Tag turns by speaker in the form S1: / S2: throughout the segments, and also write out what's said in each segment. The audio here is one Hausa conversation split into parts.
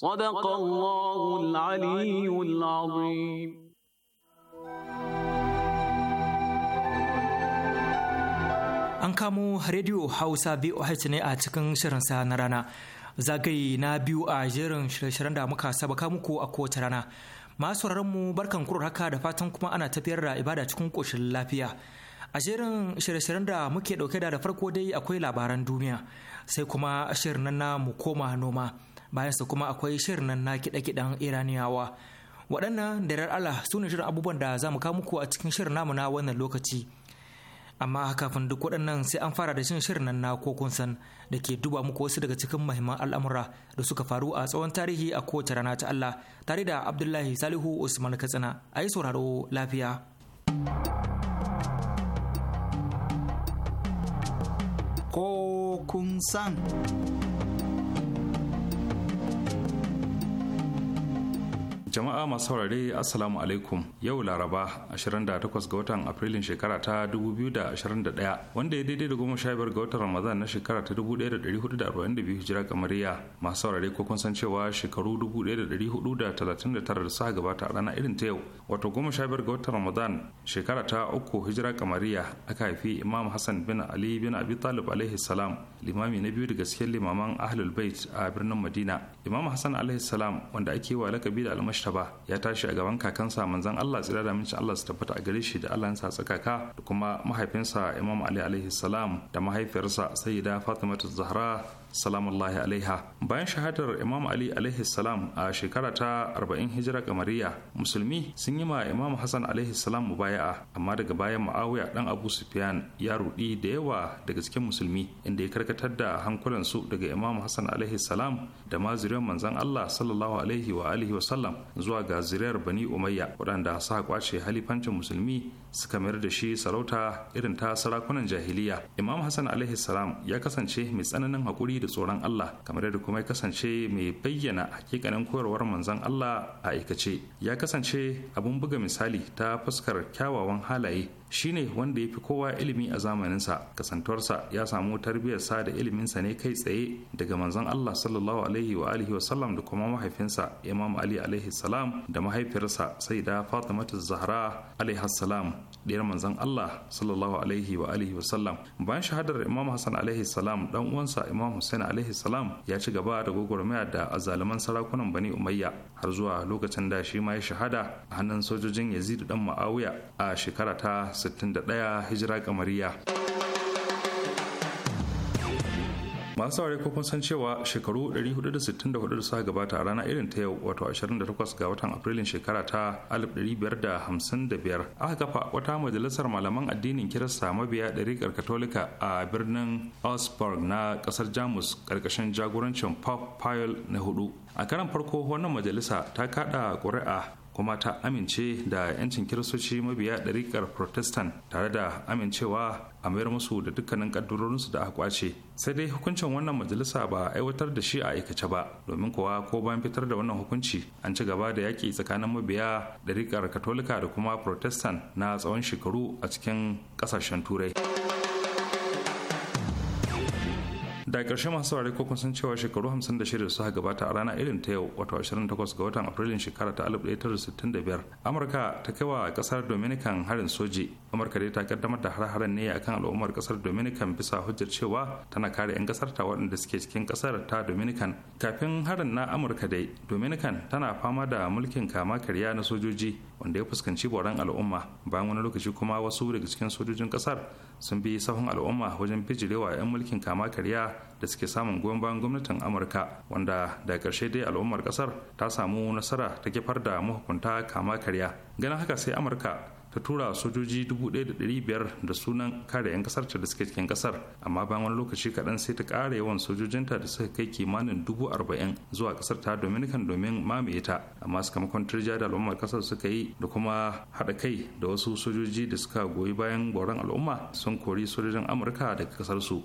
S1: صدق الله العلي العظيم
S2: An kamo Radio Hausa VOH ne a cikin shirinsa na rana. Zagaye na biyu a jerin shirye-shiryen da muka sabaka muku a kowace rana. Masu mu barkan kurar haka da fatan kuma ana tafiyar da ibada cikin ƙoshin lafiya. A jerin shirye-shiryen da muke ɗauke da da farko dai akwai labaran duniya sai kuma shirin na mu koma noma. bayan su kuma akwai shirin nan na kiɗe-kiɗen iraniyawa waɗannan da Allah su ne shirin abubuwan da za mu kawo muku a cikin shirin namu na wannan lokaci amma kafin duk waɗannan sai an fara da shin shirin nan na ko san da ke duba muku wasu daga cikin mahimman al'amura da suka faru a tsawon tarihi a kowace rana ta Allah tare da Abdullahi Salihu Usman Katsina a yi sauraro lafiya.
S3: Ko kun san.
S4: Jama'a masu saurare Assalamu alaikum yau Laraba 28 ga watan Afrilun shekara ta 2021 wanda ya daidai da goma sha biyar ga watan Ramadan na shekara ta 1442 hijira kamariya masu saurare ko kun san cewa shekaru 1439 da suka gabata a ranar irin ta yau wato goma sha biyar ga watan Ramadan shekara ta uku hijira kamariya aka haifi Imam Hassan bin Ali bin Abi Talib alaihi salam limami na biyu daga cikin limaman Ahlul Bait a birnin Madina Imam Hassan alaihi salam wanda ake wa lakabi da almashi ta ba ya tashi a gaban kakansa manzon Allah tsira da mincin Allah su tabbata a gare shi da Allah ya tsakaka da kuma mahaifinsa Imam Ali alaihi salam da mahaifiyarsa Sayyida Fatimatu Zahra salamullahi alaiha bayan shahadar imam ali alaihi salam a shekara ta arba'in hijira kamariya musulmi sun yi ma imam hassan alaihi salam mubaya'a amma daga bayan ma'awiya dan abu sufyan ya rudi da yawa daga cikin musulmi inda ya karkatar da hankulan su daga imam hassan alaihi salam da ma zuriyar manzon allah sallallahu alaihi wa alihi wa sallam zuwa ga zuriyar bani umayya waɗanda sa kwace halifancin musulmi suka mayar da shi sarauta irin ta sarakunan jahiliya imam hassan alaihi salam ya kasance mai tsananin hakuri da tsoron allah kamar yadda kuma ya kasance mai bayyana hakikanin koyarwar manzon allah a aikace ya kasance abin buga misali ta fuskar kyawawan halaye shine wanda ya fi kowa ilimi a zamaninsa kasantuwarsa ya samu tarbiyyarsa da iliminsa ne kai tsaye daga manzon Allah sallallahu alaihi wa alihi wa sallam da kuma mahaifinsa Imam Ali alaihi salam da mahaifiyarsa Sayyida Fatimatu Zahra alaihi salam ɗiyar manzon Allah sallallahu alaihi wa alihi wa sallam bayan shahadar Imam Hassan alaihi salam dan uwansa Imam Hussein alaihi salam ya ci gaba da gwagwarmaya da azzaluman sarakunan Bani Umayya har zuwa lokacin da shi ma ya shahada a hannun sojojin Yazid dan Muawiya a shekara ta 61 hijira kamariya masu saurari ko san cewa shekaru 464 da suka gabata a rana irin ta yau wato 28 ga watan afrilun shekara ta 1555 aka kafa wata majalisar malaman addinin kirista mabiya ɗariƙar katolika a birnin augsburg na ƙasar jamus ƙarƙashin jagorancin pope pile na hudu a karan farko wannan majalisa ta kada ƙuri'a kuma ta amince da 'yancin kiristoci mabiya ɗariƙar protestant tare da amincewa a mayar musu da dukkanin ƙaddurorinsu da aka kwace sai dai hukuncin wannan majalisa ba aiwatar da shi a aikace ba domin kuwa ko bayan fitar da wannan hukunci an ci gaba da yaƙi tsakanin mabiya ɗariƙar katolika da kuma protestant na tsawon shekaru a cikin ƙasashen turai. da karshe masu saurari ko san cewa shekaru 56 suka gabata a rana irin ta yau wato 28 ga watan afrilun shekara ta 1965 amurka ta kai wa ƙasar dominican harin soji amurka dai ta kaddamar da har-haren ne akan al'ummar ƙasar dominican bisa hujjar cewa tana kare 'yan kasar ta waɗanda suke cikin kasar ta dominican kafin harin na amurka dai dominican tana fama da mulkin kama karya na sojoji wanda ya fuskanci boran al'umma bayan wani lokaci kuma wasu daga cikin sojojin kasar. sun bi sahun al'umma wajen bijirewa 'yan mulkin kama karya da suke samun goyon bayan gwamnatin amurka wanda da ƙarshe dai al'ummar ƙasar ta samu nasara ta kifar da mahukunta kama karya ganin haka sai amurka ta tura sojoji 1,500 da sunan kare 'yan kasar da suke cikin kasar amma bayan wani lokaci kaɗan sai ta ƙara yawan sojojinta da suka kai kimanin 40,000 zuwa kasar ta dominican domin mamaye ta amma makon turjiya da al'ummar kasar suka yi da kuma haɗa kai da wasu sojoji da suka goyi bayan boron al'umma sun kori sojojin amurka daga kasar su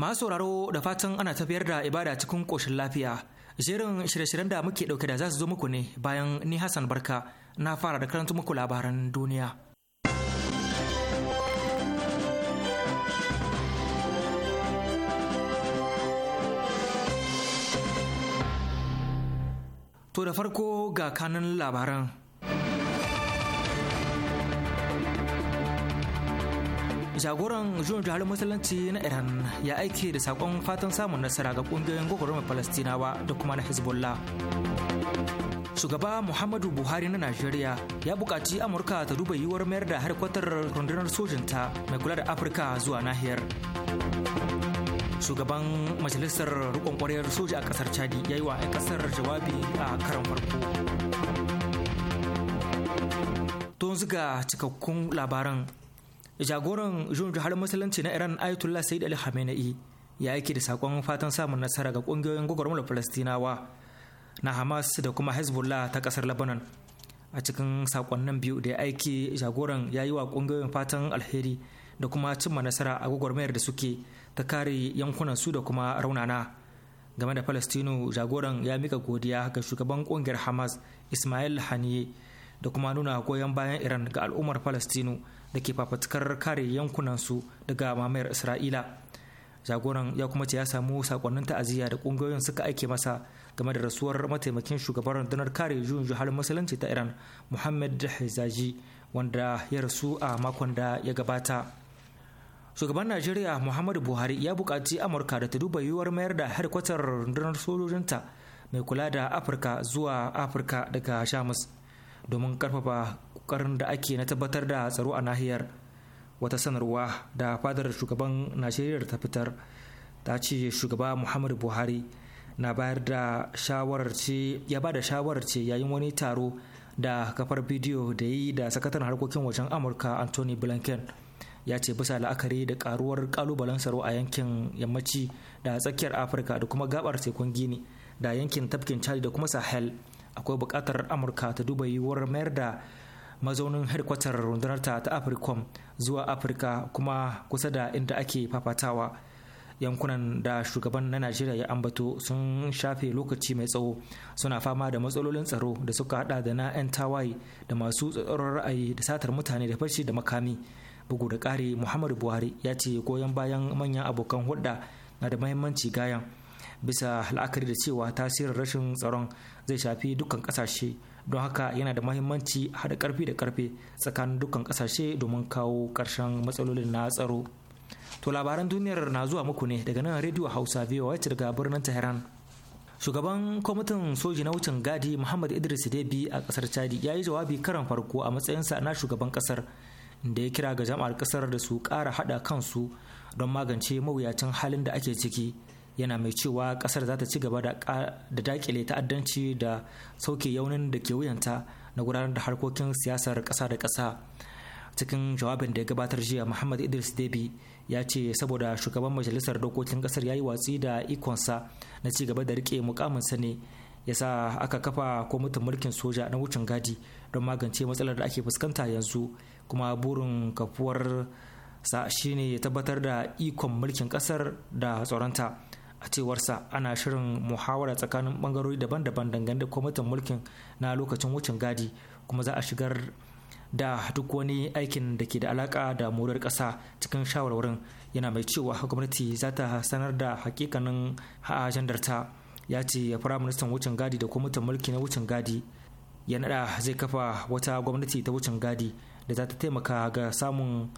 S2: masu sauraro da fatan ana tafiyar da ibada cikin koshin lafiya jerin shirye-shiryen da muke dauke da za su zo muku ne bayan ni hassan barka na fara da karanta muku labaran duniya To da farko ga kanun labaran. jagoran juyin jihar musulunci na iran ya aike da saƙon fatan samun nasara ga ƙungiyoyin gwagwarmar falastinawa da kuma na hezbollah shugaba muhammadu buhari na najeriya ya bukaci amurka ta duba yiwuwar mayar da harkwatar rundunar sojinta mai kula da afirka zuwa nahiyar shugaban majalisar rukun kwaryar soja a kasar chadi ya yi wa 'yan kasar jawabi a karan farko Tun ziga cikakkun labaran jagoran jun jihar musulunci na iran ayatollah sayyid ali khamenei ya aiki da sakon fatan samun nasara ga kungiyoyin gwagwarmar falastinawa na hamas da kuma hezbollah ta kasar lebanon a cikin sakonnin biyu da ya aiki jagoran ya yi wa kungiyoyin fatan alheri da kuma cimma nasara a gwagwarmayar da suke ta kare yankunan su da kuma raunana game da palestino jagoran ya mika godiya ga shugaban kungiyar hamas ismail haniye da kuma nuna goyon bayan iran ga al'ummar palestino da ke fafatukar kare yankunansu daga mamayar isra'ila jagoran ya kuma ce ya samu sakonnin ta'aziyya da kungiyoyin suka aike masa game da rasuwar mataimakin shugaban rundunar kare juyin juhar musulunci ta iran muhammad hezaji wanda ya rasu a makon da ya gabata shugaban najeriya muhammadu buhari ya bukaci amurka da ta duba yiwuwar mayar da harkwatar rundunar sojojinta mai kula da afirka zuwa afirka daga jamus domin karfafa kokarin da ake na tabbatar da tsaro a nahiyar wata sanarwa da fadar shugaban najeriya ta fitar ta ce shugaba muhammadu buhari na bayar da shawarar ce ya ba da shawarar ce yayin wani taro da kafar bidiyo da yi da sakataren harkokin wajen amurka anthony blinken ya ce bisa la'akari da karuwar kalubalen tsaro a yankin yammaci da tsakiyar afirka da kuma gabar tekun gini da yankin tafkin chad da kuma sahel akwai buƙatar amurka ta duba yiwuwar mayar da mazaunin hedkwatar rundunar ta afirkom zuwa afirka kuma kusa da inda ake fafatawa yankunan da shugaban na najeriya ya ambato sun shafe lokaci mai tsawo suna fama da matsalolin tsaro da suka hada da na 'yan tawaye da masu tsoron ra'ayi da satar mutane da fashi da makami bugu da kare muhammadu buhari ya ce goyon bayan manyan abokan hulɗa na da mahimmanci gayan bisa la'akari da cewa tasirin rashin tsaron zai shafi dukkan kasashe don haka yana da mahimmanci hada karfi da karfe tsakanin dukkan kasashe domin kawo ƙarshen matsalolin na tsaro to labaran duniyar na zuwa muku ne daga nan rediyo hausa voa daga birnin tehran shugaban kwamitin soji na wucin gadi muhammad idris debi a kasar chadi ya yi jawabi karan farko a matsayinsa na shugaban kasar da ya kira ga jama'ar kasar da su kara hada kansu don magance mawuyacin halin da ake ciki yana mai cewa kasar za ta ci gaba da dakile ta'addanci da sauke yaunin da ke wuyanta na gudanar da harkokin siyasar kasa da kasa cikin jawabin da ya gabatar jiya muhammad idris debi ya ce saboda shugaban majalisar dokokin kasar ya yi watsi da ikonsa na ci gaba da rike mukaminsa ne ya sa aka kafa kwamitin mulkin soja na wucin gadi don magance matsalar da ake fuskanta yanzu kuma burin kafuwar sa shine ya tabbatar da ikon mulkin kasar da tsoronta a cewarsa ana shirin muhawara tsakanin bangarori daban-daban dangane da kwamitin mulkin na lokacin wucin gadi kuma za a shigar da duk wani aikin da ke da alaka da morar kasa cikin shawarwarin yana mai cewa gwamnati za ta sanar da hakikanin ajandarta ya ce firaministan wucin gadi da kwamitin mulki na wucin gadi ya nada zai kafa wata gwamnati ta wucin gadi da za ta taimaka ga samun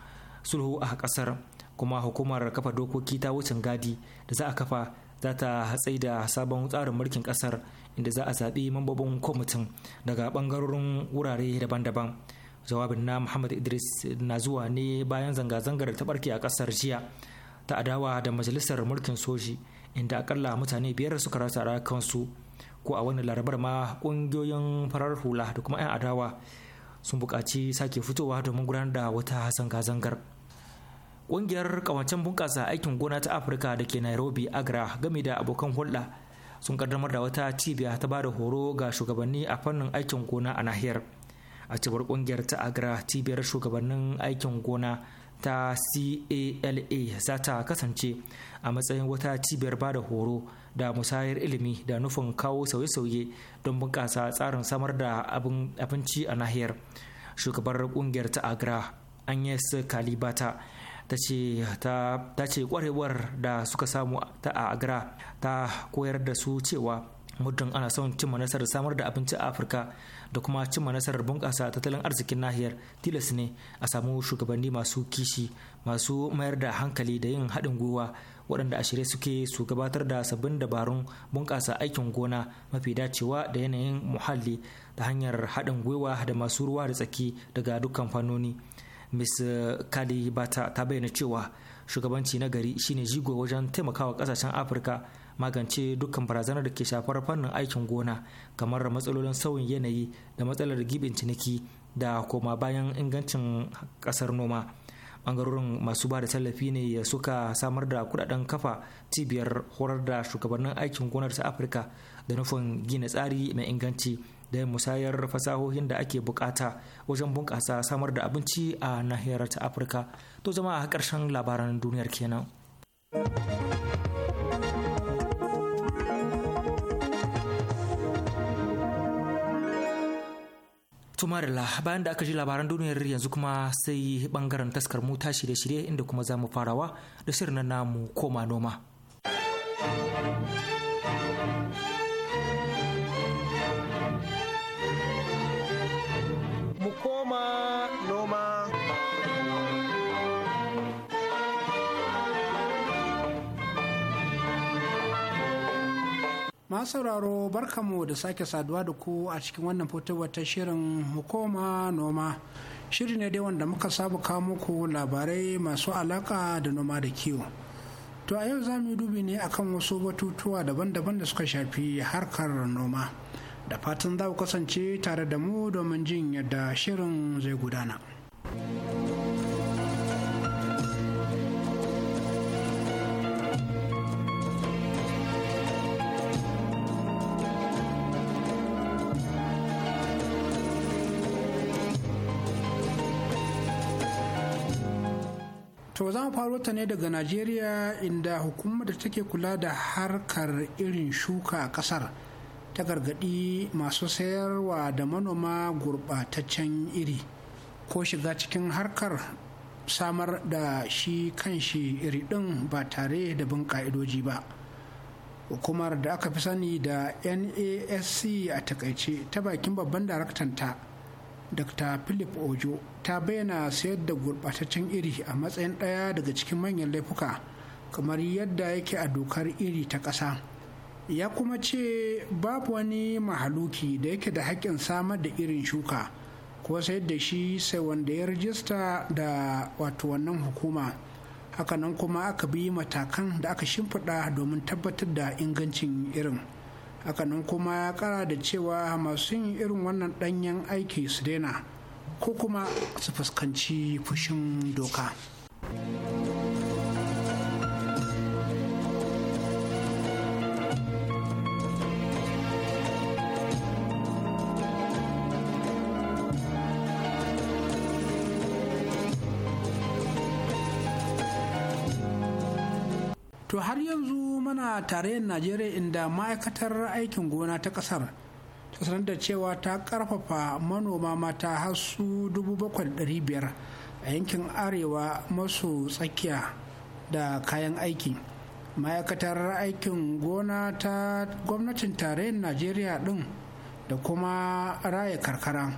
S2: sulhu a ƙasar kuma hukumar kafa dokoki ta wucin gadi da za a kafa za ta hatsai da sabon tsarin mulkin kasar inda za a zaɓi mambobin kwamitin daga ɓangarorin wurare daban-daban jawabin na muhammad idris na zuwa ne bayan zanga-zangar ta barke a kasar jiya ta adawa da majalisar mulkin soji inda akalla mutane biyar suka rasa kansu ko a wani larabar ma kungiyoyin farar hula da kuma 'yan adawa sun buƙaci sake fitowa domin gudanar da wata zanga-zangar ƙungiyar ƙawancen bunƙasa aikin gona ta afirka da ke nairobi agra game da abokan hulɗa sun kaddamar da wata cibiya ta ba da horo ga shugabanni a fannin aikin gona a nahiyar a cewar ƙungiyar ta agra cibiyar shugabannin aikin gona ta cala za ta kasance a matsayin wata cibiyar ba da horo da musayar ilimi da nufin kawo sauye-sauye don bunƙasa tsarin samar da abinci a nahiyar shugabar kungiyar ta agra agnes kalibata ta ce ta ce kwarewar da suka samu ta a agra ta koyar da su cewa muddin ana son cimma nasarar samar da abinci a afirka da kuma cimma nasarar bunƙasa tattalin arzikin nahiyar tilas ne a samu shugabanni masu kishi masu mayar da hankali da yin haɗin gwiwa waɗanda a shirye suke su gabatar da sabbin dabarun bunƙasa aikin gona mafi dacewa da yanayin muhalli ta hanyar haɗin gwiwa da masu ruwa da tsaki daga dukkan fannoni Ms. Eh, Kadi Bata ta bayyana cewa shugabanci na gari shine jigo wajen taimakawa kasashen Afirka magance dukkan barazanar da ke shafar fannin aikin gona kamar matsalolin sauyin yanayi da matsalar gibin ciniki da koma bayan ingancin kasar noma. bangarorin masu ba da tallafi ne suka samar da kudaden kafa cibiyar horar da shugabannin aikin gonar ta afirka da nufin gina tsari mai inganci da musayar fasahohin da ake bukata wajen bunƙasa samar da abinci a nahiyar ta afirka to zama a ƙarshen labaran duniyar kenan tumarila bayan da aka ji labaran duniyar yanzu kuma sai bangaren taskar mu ta shirye-shirye inda kuma za mu farawa da shirin namu koma noma
S5: masu sauraro barkamu da sake saduwa da ku a cikin wannan fitowar ta shirin hukoma noma shiri ne dai wanda muka saba kawo muku labarai masu alaka da noma da kiwo to a yau za mu yi dubi ne akan wasu batutuwa daban-daban da suka shafi harkar noma da fatan za ku kasance tare da mu domin jin yadda shirin zai gudana. To za mu faro ta ne daga Najeriya inda hukumar da take kula da harkar irin shuka a ƙasar ta gargaɗi masu sayarwa da manoma gurɓataccen iri ko shiga cikin harkar samar da shi kanshi iri ɗin ba tare da bin ƙa'idoji ba. Hukumar da aka fi sani da NASC a takaice ta bakin babban daraktanta. ta dr philip ojo ta bayyana sayar da gurɓataccen iri a matsayin ɗaya daga cikin manyan laifuka kamar yadda yake a dokar iri ta ƙasa ya kuma ce babu wani mahaluki da yake da haƙƙin samar da irin shuka ko sayar da shi sai wanda ya rijista da wato wannan hukuma hakanan kuma aka bi matakan da aka shimfiɗa domin tabbatar da ingancin irin. hakanan kuma ya kara da cewa masu yin irin wannan danyen aiki su daina ko kuma su fuskanci fushin doka To har yanzu yana tarayyar najeriya inda ma'aikatar aikin gona ta kasar ta sanar da cewa ta karfafa manoma mata har su 7,500 a yankin arewa maso tsakiya da kayan aiki ma'aikatar aikin gona ta gwamnatin tarayyar najeriya din da kuma raya karkara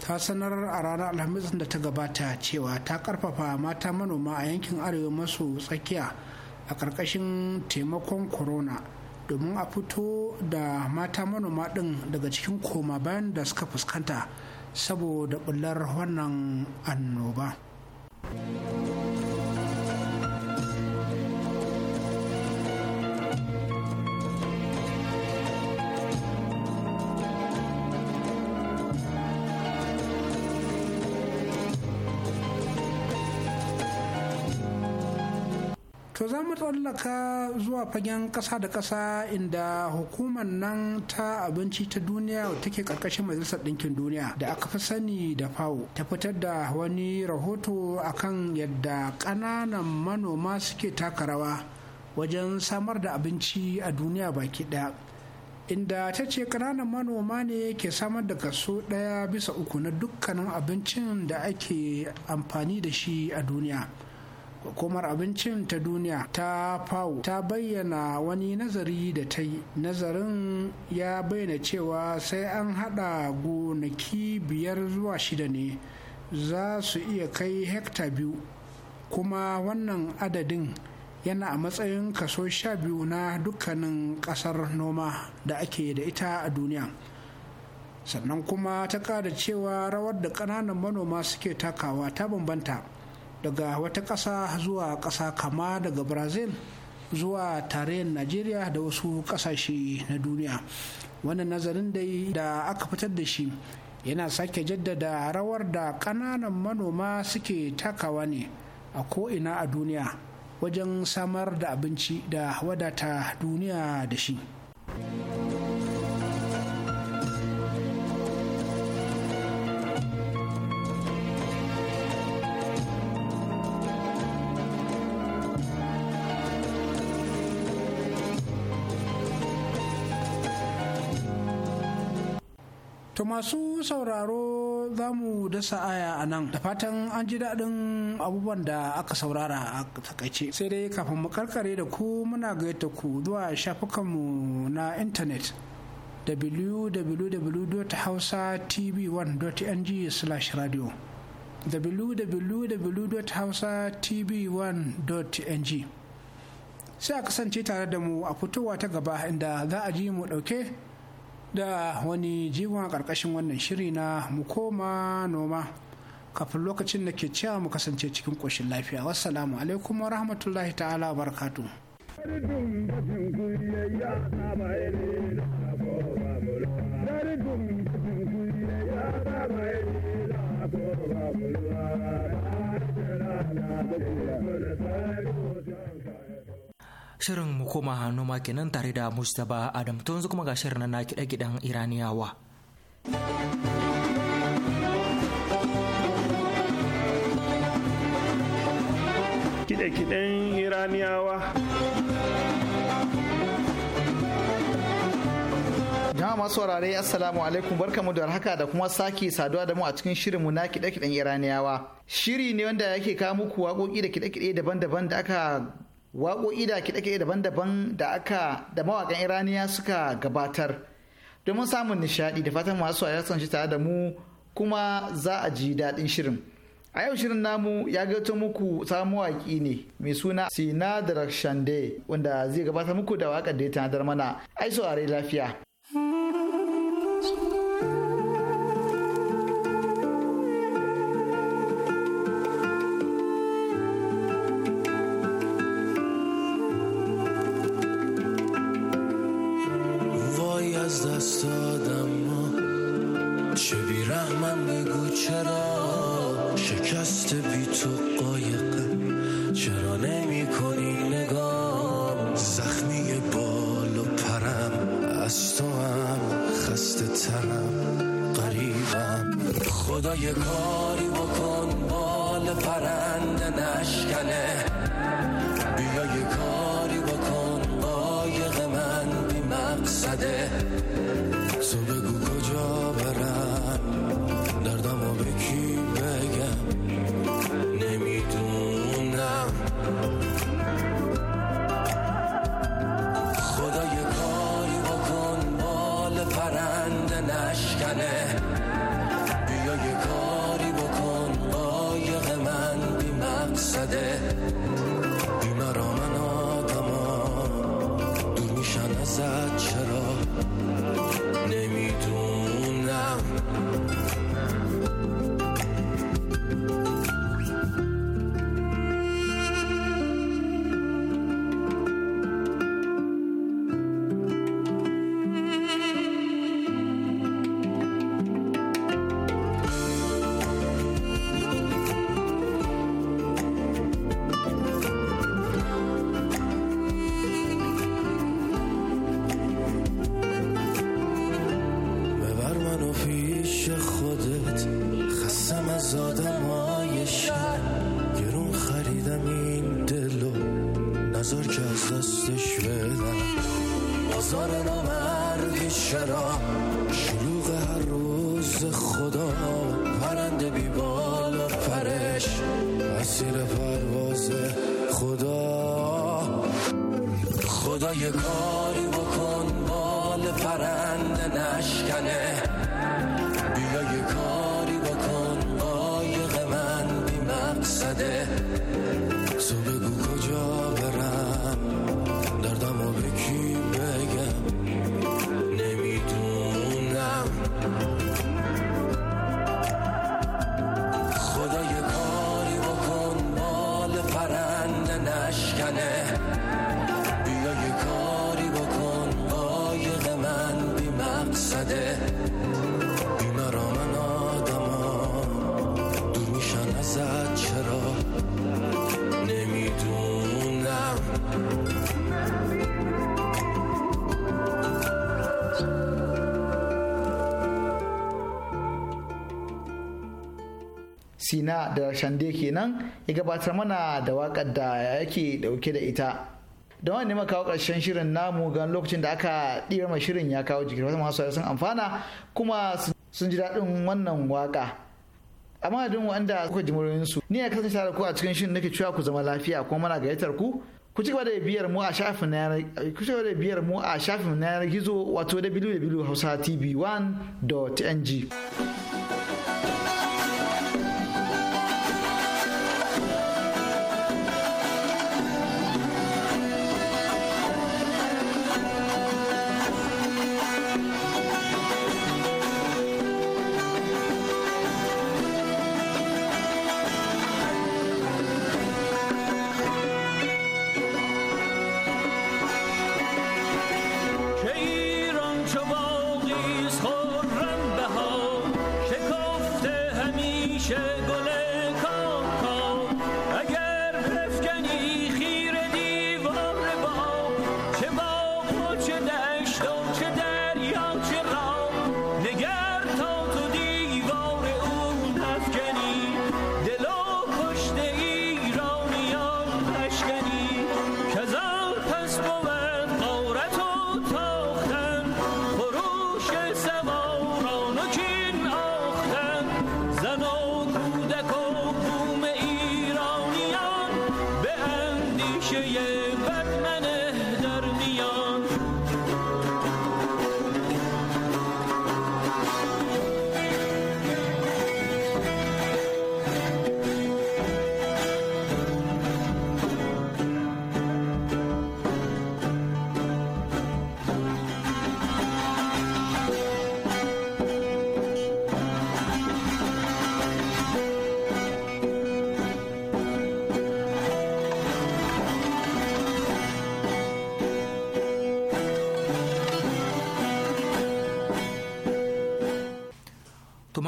S5: ta sanar a ranar alhamis da ta gabata cewa ta karfafa mata manoma a yankin arewa maso tsakiya a ƙarƙashin taimakon corona domin a fito da mata manoma ɗin daga cikin koma bayan da suka fuskanta saboda ɓullar wannan annoba. To za mu tsallaka zuwa fagen ƙasa da ƙasa inda hukumar nan ta abinci ta duniya take ƙarƙashin majalisar ɗinkin duniya da aka fi sani da fawo ta fitar da wani rahoto akan yadda ƙananan manoma suke taka rawa wajen samar da abinci a duniya baki ɗaya. Inda ta ce ƙananan manoma ne ke samar da kaso ɗaya bisa uku na dukkanin abincin da ake amfani da shi a duniya. hukumar abincin ta duniya ta fawo ta bayyana wani nazari da ta yi nazarin ya bayyana cewa sai an hada gonaki biyar zuwa shida ne za su iya kai hekta biyu kuma wannan adadin yana a matsayin kaso sha biyu na dukkanin kasar noma da ake da ita a duniya sannan kuma ta kada cewa rawar da ƙananan manoma suke takawa ta bambanta daga wata ƙasa zuwa ƙasa kama daga brazil zuwa tarayyar najeriya da wasu ƙasashe na duniya wannan nazarin dai da aka fitar da shi yana sake jaddada rawar da ƙananan manoma suke takawa ne a ko'ina a duniya wajen samar da abinci da wadata duniya da shi. To masu sauraro za mu dasa aya a nan da fatan an ji daɗin abubuwan da aka saurara a takaice. Sai dai kafin mu karkare da ku muna gaita ku zuwa shafukanmu na intanet www.hausatv1.ng/radio www.hausatv1.ng sai a kasance tare da mu a fitowa ta gaba inda za a ji mu ɗauke da wani jiwon a ƙarƙashin wannan shiri na mu koma noma kafin lokacin da ke cewa mu kasance cikin ƙoshin lafiya wassalamu alaikum wa rahmatullahi ta'ala wa barakatu
S2: Shirin mu koma hannu kenan tare da Mustapha Adam to kuma ga shirin na kiɗe-kiɗen Iraniyawa.
S3: Kiɗe-kiɗen Iraniyawa. jama'a masu saurare assalamu alaikum barkamu da haka da kuma sake saduwa da mu a cikin shirinmu na kiɗe-kiɗen iraniyawa shiri ne wanda yake kawo muku waƙoƙi da kiɗe-kiɗe daban-daban da aka waƙoƙi da kiɗe-kiɗe daban-daban da aka da mawaƙan iraniya suka gabatar domin samun nishaɗi da fatan masu ya shi tare da mu kuma za a ji daɗin shirin a yau shirin namu ya gato muku sabon mawaƙi ne mai suna sinadar shande wanda zai gabatar muku da waƙar da ya tanadar mana ai saurari lafiya
S1: سرم قریبم خدای کاری بکن بال پرنده نشکنه بیا یه کاری بکن قایق من بی مقصده
S3: sina da shande kenan ya gabatar mana da wakar da yake dauke da ita da wani ne kawo karshen shirin namu gan lokacin da aka ɗira mai shirin ya kawo jikin wata masu sun amfana kuma sun ji daɗin wannan waka amma da wanda kuka ji su ni ya kasance tare ku a cikin shirin nake cewa ku zama lafiya kuma mana gayyatar ku ku ci gaba da biyar mu a shafin na yanar ku ci gaba da biyar mu a shafin na gizo wato www.hausatv1.ng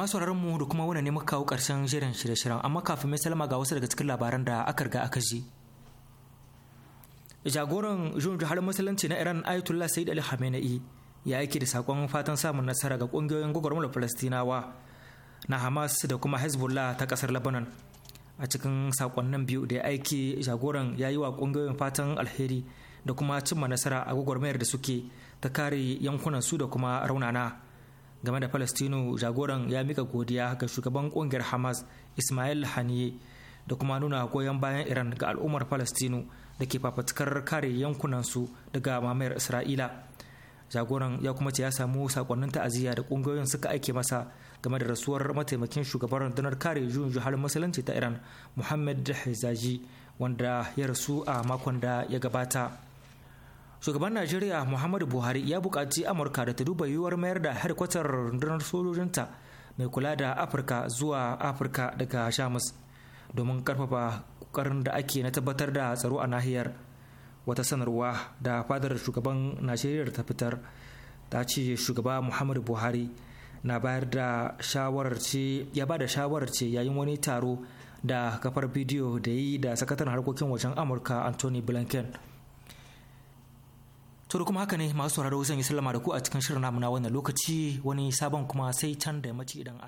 S2: sauraron mu da kuma wani ne muka kawo ƙarshen shirin shirye shiryen amma kafin mai salama ga wasu daga cikin labaran da aka riga aka ji. Jagoran Jun Jihar Musulunci na Iran Ayatollah Sayyid Ali Khamenei ya aiki da sakon fatan samun nasara ga ƙungiyoyin gwagwarmar Falastinawa na Hamas da kuma Hezbollah ta kasar Lebanon. A cikin sakonnin biyu da ya aiki jagoran ya yi wa ƙungiyoyin fatan alheri da kuma cimma nasara a gwagwarmayar da suke ta kare yankunan su da kuma raunana. game da palestino jagoran ya mika godiya ga shugaban kungiyar hamas ismail haniye da kuma nuna goyon bayan iran ga al'ummar palestino da ke fafatukar kare yankunansu daga mamayar isra'ila jagoran ya kuma ce ya samu sakonnin ta'aziyya da kungiyoyin suka aike masa game da rasuwar mataimakin shugaban rundunar kare juyin juhar musulunci ta iran muhammad hizaji wanda ya rasu a makon da ya gabata shugaban najeriya muhammadu buhari ya buƙaci amurka da ta duba yiwuwar mayar da harkwatar rundunar sojojinta mai kula da afirka zuwa afirka daga shamus domin karfafa ƙoƙarin da ake na tabbatar da tsaro a nahiyar wata sanarwa da fadar shugaban najeriya ta fitar ta ce shugaba muhammadu buhari na bayar da shawarar ce ya ba da shawarar ce yayin wani taro da kafar bidiyo da yi da sakataren harkokin wajen amurka anthony blinken To kuma haka ne masu sauraro zan yi sallama da ku a cikin shirin namu na wannan lokaci wani sabon kuma sai can da mace idan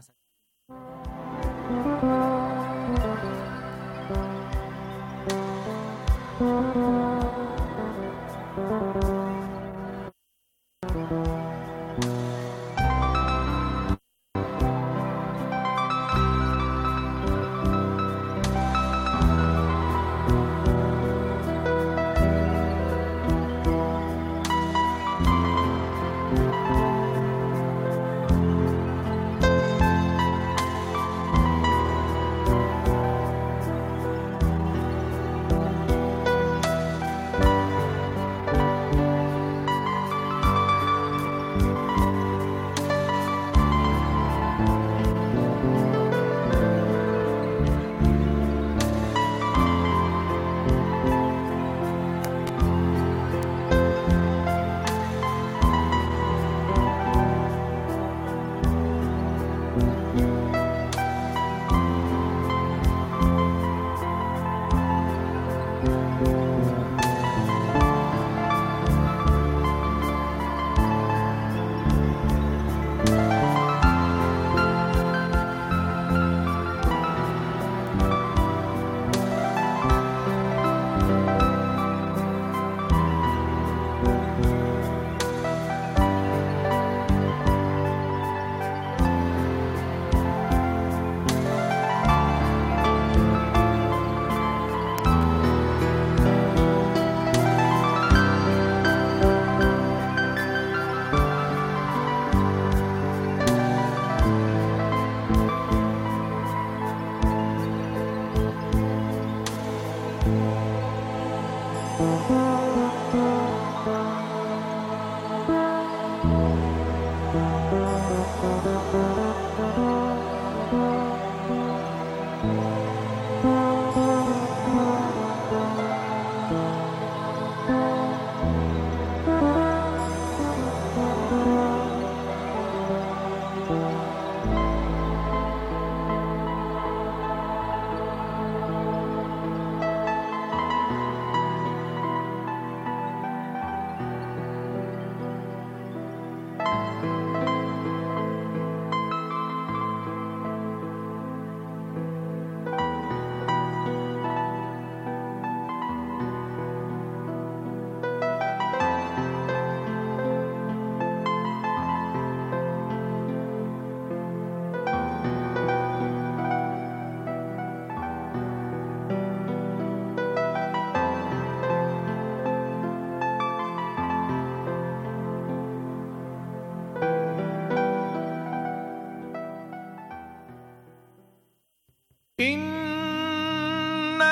S6: an